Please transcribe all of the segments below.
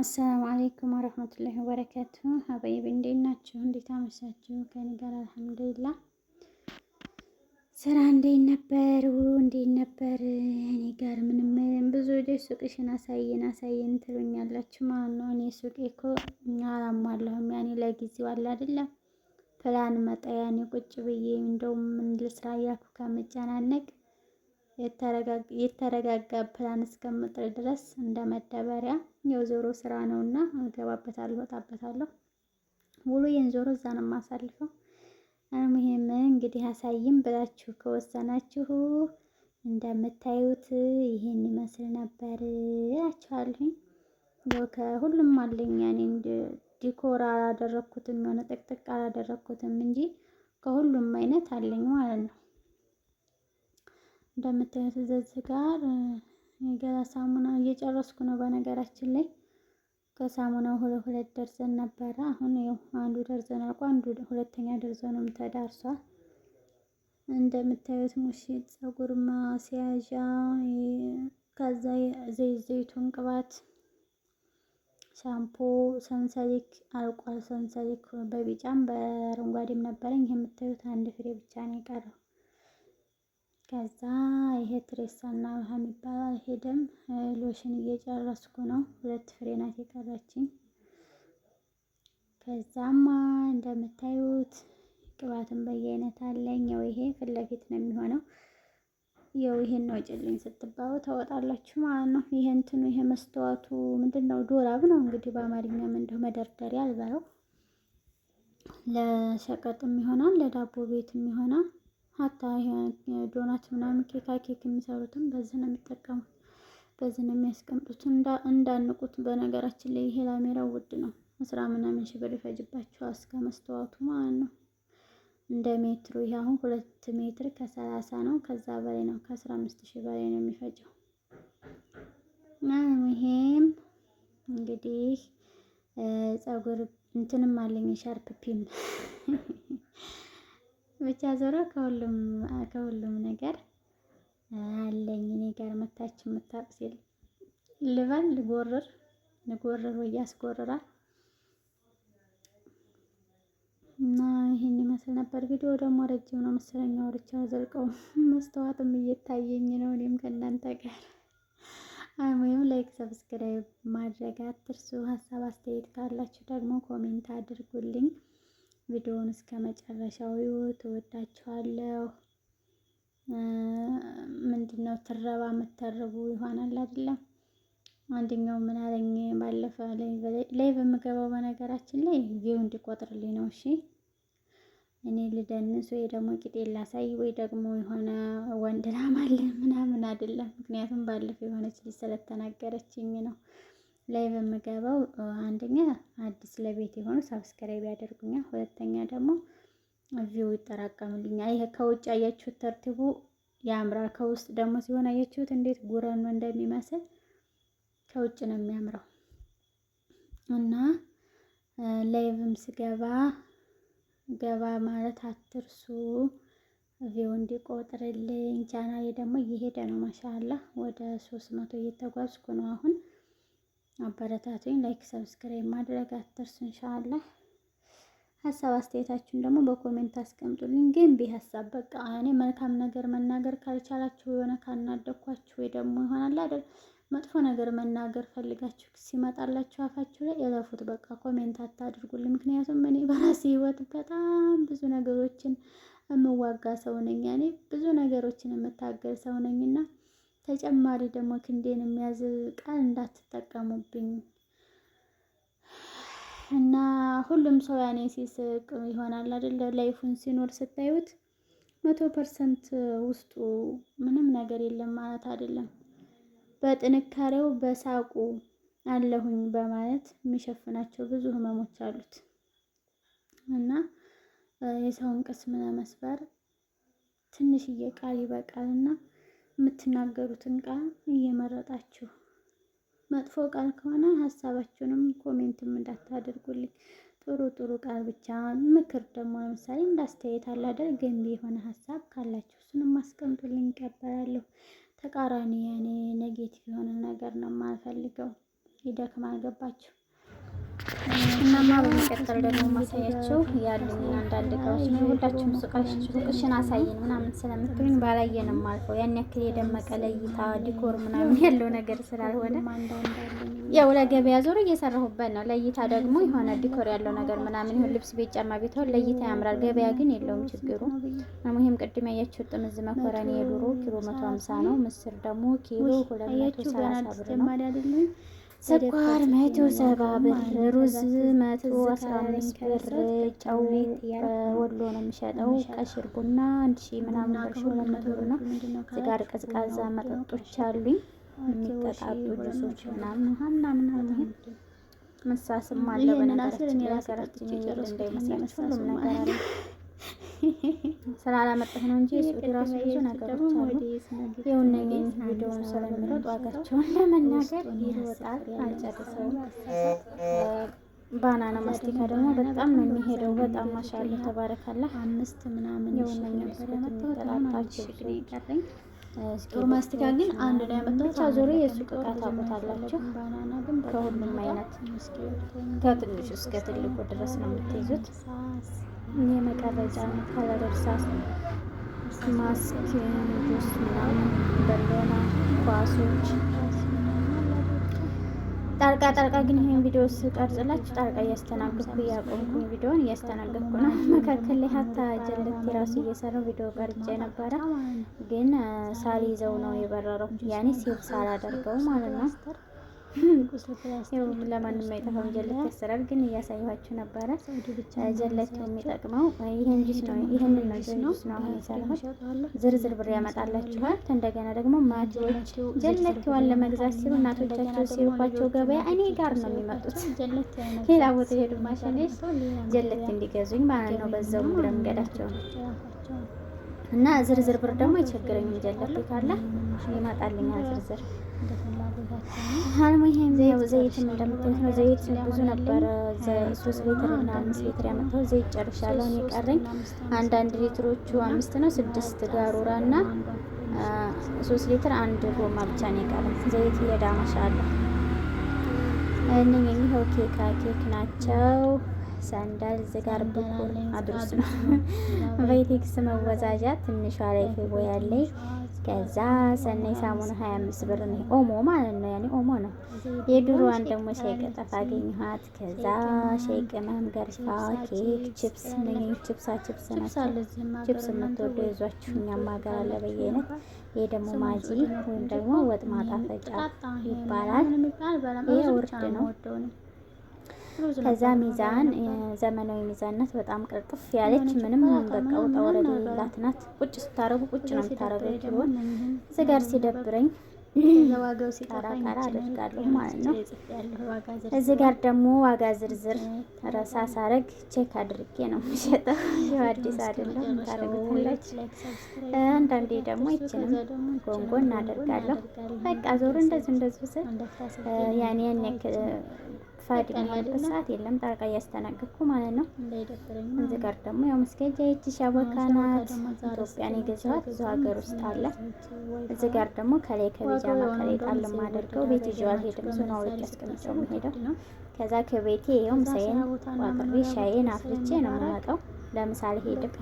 አሰላሙ አሌይኩም ወረህመቱላሂ ወበረካቱ። ሀበይብ እንዴት ናችሁ? እንዴት አመሻችሁ? ከእኔ ጋር አልሐምዱሊላ። ስራ እንዴት ነበር? ውሎ እንዴት ነበር? እኔ ጋር ምንም ብዙ ልጆች ሱቅሽን አሳየን አሳየን ትሉኛላችሁ ማለት ነው። እኔ ሱቄ እኮ አላሟላሁም። ያኔ ለጊዜው አለ አይደለም ፕላን መጣ ያኔ ቁጭ ብዬ እንደውም ምን ልስራ እያልኩ ከምጨናነቅ የተረጋጋ ፕላን እስከምጥል ድረስ እንደ መደበሪያ ያው ዞሮ ስራ ነው እና እገባበታለሁ፣ እወጣበታለሁ። ውሎ ይህን ዞሮ እዛ ነው የማሳልፈው። ይህም እንግዲህ አሳይም ብላችሁ ከወሰናችሁ እንደምታዩት ይህን ይመስል ነበር እላችኋለሁኝ። ያው ከሁሉም አለኛ ያኔ ዲኮር አላደረግኩትም የሆነ ጥቅጥቅ አላደረግኩትም እንጂ ከሁሉም አይነት አለኝ ማለት ነው። እንደምታዩት እዚህ ጋር የገላ ሳሙና እየጨረስኩ ነው። በነገራችን ላይ ከሳሙናው ሁለት ሁለት ደርዘን ነበረ። አሁን ያው አንዱ ደርዘን አልቆ አንዱ ሁለተኛ ደርዘኑም ተዳርሷል። እንደምታዩት ሙሽት ፀጉር ማስያዣ፣ ከዛ ዘይት ዘይቱን ቅባት፣ ሻምፖ፣ ሰንሰሊክ አልቋል። ሰንሰሊክ በቢጫም በአረንጓዴም ነበረኝ። ይህ የምታዩት አንድ ፍሬ ብቻ ነው የቀረው። ከዛ ይሄ ትሬሳና ውሃ የሚባል ሄደም ሎሽን እየጨረስኩ ነው። ሁለት ፍሬ ናት የቀረችኝ። ከዛማ እንደምታዩት ቅባትን በየአይነት አለኝ። ያው ይሄ ፊት ለፊት ነው የሚሆነው። ያው ይሄን ነው ጭልኝ ስትባሉ ታወጣላችሁ ማለት ነው። ይሄ እንትኑ ይሄ መስተዋቱ ምንድን ነው? ዶራብ ነው እንግዲህ በአማርኛም እንደው መደርደሪያ አልበለው። ለሸቀጥም ይሆናል፣ ለዳቦ ቤትም ይሆናል። ሀታ ዶናት ምናምን ኬካ ኬክ የሚሰሩትም በዚህ ነው የሚጠቀሙት። በዚህ ነው የሚያስቀምጡት። እንዳንቁት በነገራችን ላይ ይሄ ላሜራው ውድ ነው። አስራ ምናምን ሺህ ብር ይፈጅባቸዋል እስከ መስተዋቱ ማለት ነው። እንደ ሜትሩ ይሄ አሁን ሁለት ሜትር ከሰላሳ ነው። ከዛ በላይ ነው። ከአስራ አምስት ሺህ በላይ ነው የሚፈጀው። ይሄም እንግዲህ ፀጉር እንትንም አለኝ ሻርፕ ፒን ብቻ ዞሮ ከሁሉም ነገር አለኝ እኔ ጋር መታች የምታውቅ ሲል ልበል ልጎርር ልጎርር ወይ ያስጎርራል እና ይህን ይመስል ነበር። ቪዲዮ ደግሞ ረጅም ነው መሰለኝ አውርቼ ዘልቀው መስተዋትም እየታየኝ ነው። እኔም ከእናንተ ጋር ወይም ላይክ፣ ሰብስክራይብ ማድረግ አትርሱ። ሀሳብ አስተያየት ካላችሁ ደግሞ ኮሜንት አድርጉልኝ። ቪዲዮውን እስከ መጨረሻው እወዳችኋለሁ። ምንድነው ትረባ የምትተርቡ ይሆናል አይደለም። አንደኛው ምን አለኝ ባለፈ ላይ በምገባው በነገራችን ላይ ቪው እንዲቆጥርልኝ ነው። እሺ እኔ ልደንስ ወይ ደግሞ ቂጤ ላሳይ ወይ ደግሞ የሆነ ወንድ ላማለ ምናምን አይደለም። ምክንያቱም ባለፈው የሆነች ልጅ ስለተናገረችኝ ነው። ላይ በምገባው አንደኛ አዲስ ለቤት የሆኑ ሳብስክራይብ ያደርጉኛል። ሁለተኛ ደግሞ ቪው ይጠራቀምልኛል። ይሄ ከውጭ አያችሁት ተርቲቡ ያምራል። ከውስጥ ደግሞ ሲሆን አያችሁት እንዴት ጉረኑ እንደሚመስል ከውጭ ነው የሚያምረው እና ላይቭም ስገባ ገባ ማለት አትርሱ። ቪው እንዲቆጥርልኝ ቻናሌ ደግሞ እየሄደ ነው። ማሻላ ወደ ሶስት መቶ እየተጓዝኩ ነው አሁን አበረታቱኝ። ላይክ፣ ሰብስክራይብ ማድረግ አትርሱ። ኢንሻአላህ ሀሳብ አስተያየታችሁን ደግሞ በኮሜንት አስቀምጡልኝ። ግን ቢ ሀሳብ በቃ እኔ መልካም ነገር መናገር ካልቻላችሁ የሆነ ካናደኳችሁ ወይ ደግሞ ይሆናል አይደል መጥፎ ነገር መናገር ፈልጋችሁ ሲመጣላችሁ አፋችሁ ላይ የለፉት። በቃ ኮሜንት አታድርጉልኝ። ምክንያቱም እኔ በራሴ ህይወት በጣም ብዙ ነገሮችን የምዋጋ ሰው ነኝ። እኔ ብዙ ነገሮችን የምታገል ሰው ነኝና ተጨማሪ ደግሞ ክንዴን የሚያዝ ቃል እንዳትጠቀሙብኝ እና ሁሉም ሰው ያኔ ሲስቅ ይሆናል አይደለ? ላይፉን ሲኖር ስታዩት መቶ ፐርሰንት ውስጡ ምንም ነገር የለም ማለት አይደለም። በጥንካሬው በሳቁ አለሁኝ በማለት የሚሸፍናቸው ብዙ ህመሞች አሉት እና የሰውን ቅስም ለመስበር ትንሽዬ ቃል ይበቃልና የምትናገሩትን ቃል እየመረጣችሁ መጥፎ ቃል ከሆነ ሀሳባችሁንም ኮሜንትም እንዳታደርጉልኝ። ጥሩ ጥሩ ቃል ብቻ ምክር ደግሞ ለምሳሌ እንዳስተያየት አላደር ገንቢ የሆነ ሀሳብ ካላችሁ እሱንም አስቀምጡልኝ፣ ይቀበላለሁ። ተቃራኒ ያኔ ኔጌቲቭ የሆነ ነገር ነው የማልፈልገው። ይደክም አልገባችሁ እናማ በመቀጠል ደግሞ ማሳያቸው ያሉኝን አንዳንድ እቃዎች ነው። ሁላችሁም ሱቅሽን አሳየን ምናምን ስለምትሉኝ ባላየንም አልፈው ያን ያክል የደመቀ ለእይታ ዲኮር ምናምን ያለው ነገር ስላልሆነ ያው ለገበያ ዞር እየሰራሁበት ነው። ለእይታ ደግሞ የሆነ ዲኮር ያለው ነገር ምናምን ይሁን ልብስ ቤት፣ ጫማ ቤት ለእይታ ያምራል። ገበያ ግን የለውም ችግሩ። ሙሂም ቅድም ያያችሁት ጥምዝ መኮረኒ የዱሮ ኪሎ መቶ ሀምሳ ነው። ምስር ደግሞ ኪሎ ሁለት መቶ ሰላሳ ብር ነው። ስኳር መቶ ሰባ ብር፣ ሩዝ መቶ አስራ አምስት ብር፣ ጨው ወሎ ነው የሚሸጠው። ቀሽር ቡና አንድ ሺ ምናምን ብር ሺ ሁለት መቶ ብር ነው። እዚህ ቀዝቃዛ መጠጦች አሉኝ የሚጠጣሉ ጁሶች ምናምን ሀና ምናምን መሳስም አለ። በነገራችን ላይ ሀገራችን እንዳይመስላችሁ ሁሉም ነገር አለ። ስላላመጣሁ ነው እንጂ እሱ ራሱ ብዙ ነገሮች አሉ። የውነኝ ቪዲዮውን ስለምሮጥ ዋጋቸውን ለመናገር ይወጣል አልጨርሰውም። ባናና ማስቲካ ደግሞ በጣም ነው የሚሄደው። በጣም ማሻአላ ተባረካላ። አምስት ምናምን የውነኝ ጠላጣቸው ጥሩ ማስቲካ ግን አንድ ላይ መጣው ታዞሪ የሱ ቅጣት አቆታላችሁ። ከሁሉም አይነት ከትንሹ እስከ ትልቁ ድረስ ነው የምትይዙት። የመቀረጫ ነው። ካለር እርሳስ ማስክ፣ ጁስ ምናምን፣ በሎና፣ ኳሶች ጣልቃ ጣልቃ ግን ይህን ቪዲዮ ስቀርጽላችሁ ጣልቃ እያስተናገድኩ እያቆምኩኝ ቪዲዮን እያስተናገድኩ ነው። መካከል ላይ ሀታ ጀለት የራሱ እየሰራው ቪዲዮ ቀርጬ ነበረ፣ ግን ሳልይዘው ነው የበረረው። ያኔ ሴት ሳላደርገው ማለት ነው። ለማንም አይጠፋም። ጀለት ያሰራል፣ ግን እያሳየኋችሁ ነበረ። ጀለት የሚጠቅመው ይህን ጁስ ነው። ይህንን ነው ነው አሁን የሰራሁት። ዝርዝር ብር ያመጣላችኋል። እንደገና ደግሞ ማቲዎች ጀለትዋን ለመግዛት ሲሉ እናቶቻቸው ሲልኳቸው ገበያ እኔ ጋር ነው የሚመጡት። ሌላ ቦታ የሄዱ ማሽኔ ጀለት እንዲገዙኝ ማለት ነው። በዛው ግረምገዳቸው ነው እና ዝርዝር ብር ደግሞ ይቸግረኝ ይደለም ካለ ይመጣልኛል ዝርዝር አልሙሄም ዘይትም እንደምታዩት ነው። ዘይት ብዙ ነበረ ሶስት ሊትር እና አምስት ሊትር ያመጣው ዘይት ጨርሻለሁ። እኔ ቀረኝ አንዳንድ ሊትሮቹ አምስት ነው ስድስት ጋሩራ እና ሶስት ሊትር አንድ ጎማ ብቻ ነው የቀረኝ ዘይት እየዳመሻለሁ። ይኸው ኬካ ኬክ ናቸው ሳንዳል ዝጋር ብኩር አድርስ ነው ቬቴክስ መወዛጃ ትንሿ ላይ ፌቦ ያለኝ ከዛ ሰናይ ሳሙና 25 ብር ነው። ኦሞ ማለት ነው ያኔ ኦሞ ነው። የድሮዋን ደግሞ ሻይ ቅጠፍ አገኘኋት። ከዛ ሻይ ቅመም፣ ገርፋ፣ ኬክ፣ ቺፕስ ምን ቺፕሳ ቺፕስ ናቸው። ቺፕስ የምትወደው ይዟችሁ እኛም ሀገር አለ በየአይነት። ይሄ ደግሞ ማጂ ወይም ደግሞ ወጥ ማጣፈጫ ይባላል። ይሄ ውርድ ነው። ከዛ ሚዛን ዘመናዊ ሚዛን ናት። በጣም ቅርጥፍ ያለች ምንም በቃ ውጣ ወረድ የሌላት ናት። ቁጭ ስታረጉ ቁጭ ነው የምታረገው። ሆን እዚህ ጋር ሲደብረኝ ዋጋው ሲጠራ አደርጋለሁ ማለት ነው። እዚህ ጋር ደግሞ ዋጋ ዝርዝር ረሳ ሳረግ ቼክ አድርጌ ነው የምሸጠው። አዲስ አይደለም ታደርጉታለች። አንዳንዴ ደግሞ ይችንም ጎንጎን እናደርጋለሁ። በቃ ዞሩ እንደዚህ እንደዚህ ስል ያኔ ያን ፋድ የሚሆንበት ሰዓት የለም። ጠረቃ እያስተናገድኩ ማለት ነው። እዚህ ጋር ደግሞ ያው መስገጃ የቺሻ ቦካ ናት። ኢትዮጵያን የገዛኋት ብዙ ሀገር ውስጥ አለ። እዚህ ጋር ደግሞ ከላይ ከቤት መያዣ መከሬ ጣል ማደርገው ቤት ይዤው አልሄድም። ዞን አውርጬ አስቀምጬው የምሄደው ከዛ ከቤቴ ይኸው ምሳዬን ዋቅሬ ሻዬን አፍልቼ ነው የምመጣው። ለምሳ አልሄድም፣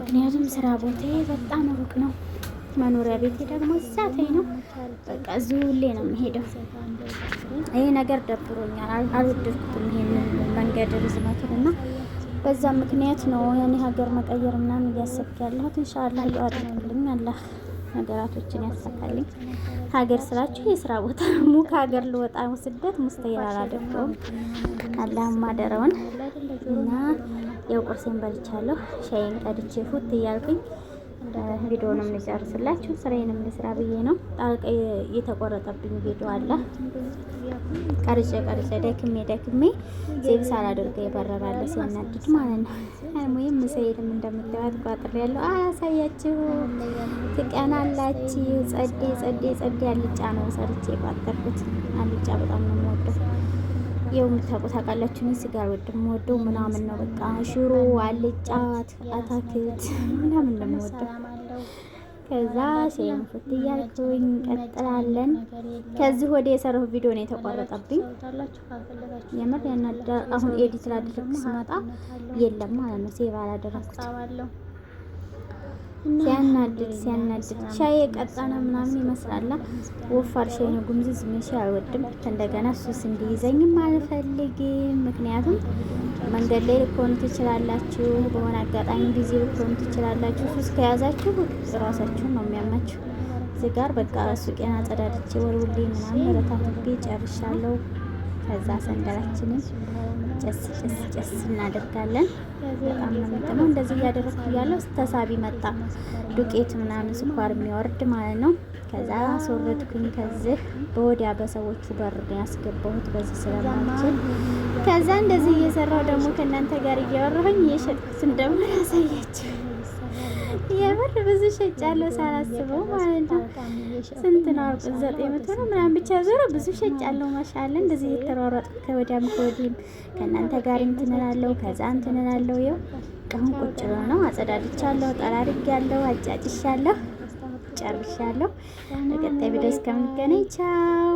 ምክንያቱም ስራ ቦታዬ በጣም ሩቅ ነው። መኖሪያ ቤቴ ደግሞ እሳተኝ ነው። በቃ እዚሁ ሁሌ ነው የምሄደው። ይሄ ነገር ደብሮኛል፣ አልወደድኩትም ይሄንን መንገድ ርዝመቱን እና በዛ ምክንያት ነው ያኔ ሀገር መቀየር ምናምን እያሰብክ ያለሁት። ኢንሻአላህ አድርግልኝ አላህ ነገራቶችን ያሳካልኝ። ሀገር ስላችሁ የስራ ቦታ ሙ ከሀገር ልወጣ ስደት ሙስተያር አላደርገውም። አላህ ማደረውን እና ያው ቁርሴን በልቻለሁ። ሻይን ቀድቼ ፉት እያልኩኝ ቪዲዮንም ልጨርስላችሁ ስራዬንም ልስራ ብዬ ነው። ጣልቃ የተቆረጠብኝ ቪዲዮ አለ። ቀርጨ ቀርጬ ደክሜ ደክሜ ዜብ ሳላደርገ የበረራለ ሲያናድድ ማለት ነው። ወይም ምሳይልም እንደምትባት ቋጥር ያለው አያሳያችሁ ትቀናላችሁ። ጸዴ ጸዴ ጸዴ አልጫ ነው ሰርቼ የቋጠርኩት። አልጫ በጣም ነው የምወደው ይኸው የምታውቁት ታውቃላችሁ። እኔ ስጋ አልወድም፣ ወደው ምናምን ነው በቃ ሽሮ፣ አልጫት፣ አታክልት ምናምን ነው የምወደው። ከዛ ሴንፍት እያልኩኝ እንቀጥላለን። ከዚህ ወደ የሰራሁ ቪዲዮ ነው የተቋረጠብኝ። የምር ያናዳ አሁን ኤዲት ላደረግ ስመጣ የለም ማለት ነው ሴቭ አላደረግኩት ሲያናድድ ሲያናድድ ሻይ የቀጠነ ምናምን ይመስላል። ወፋር ሻይ ነው። ጉምዝዝ ምን ሻይ አልወድም። እንደገና ሱስ እንዲይዘኝም አልፈልግም። ምክንያቱም መንገድ ላይ ልትሆኑ ትችላላችሁ፣ በሆነ አጋጣሚ ጊዜ ልትሆኑ ትችላላችሁ። ሱስ ከያዛችሁ ራሳችሁን ነው የሚያማችሁ። እዚህ ጋር በቃ ሱቄን አጸዳድቼ ወልውሌ ምናምን ረታትቤ ጨርሻለሁ። ከዛ ሰንደላችንን ጨስ ጨስ ጨስ እናደርጋለን። በጣም ነው የምጥመው። እንደዚህ እያደረግኩ እያለሁ ተሳቢ መጣ፣ ዱቄት ምናምን ስኳር የሚወርድ ማለት ነው። ከዛ አስወረድኩኝ ከዚህ በወዲያ በሰዎቹ በር ያስገባሁት በዚህ ስለማችል። ከዛ እንደዚህ እየሰራሁ ደግሞ ከእናንተ ጋር እያወራሁኝ እየሸጥኩትን ደግሞ ያሳያችሁ የምር ብዙ ሸጫለሁ ሳላስበው ማለት ነው። ስንት ነው አርቆ ዘጠኝ መቶ ነው ምናምን ብቻ ዞሮ ብዙ ሸጫለሁ። ማሻለ እንደዚህ የተሯሯጥኩ ከወዲያም ከወዲህም ከእናንተ ጋር እንትንላለሁ ከዛ እንትንላለሁ። ይኸው ቀሁን ቁጭ ብሎ ነው አጸዳድቻለሁ፣ ጠራርጌያለሁ፣ አጫጭሻለሁ፣ ጨርሻለሁ። በቀጣይ ቪዲዮ እስከምንገናኝ ቻው።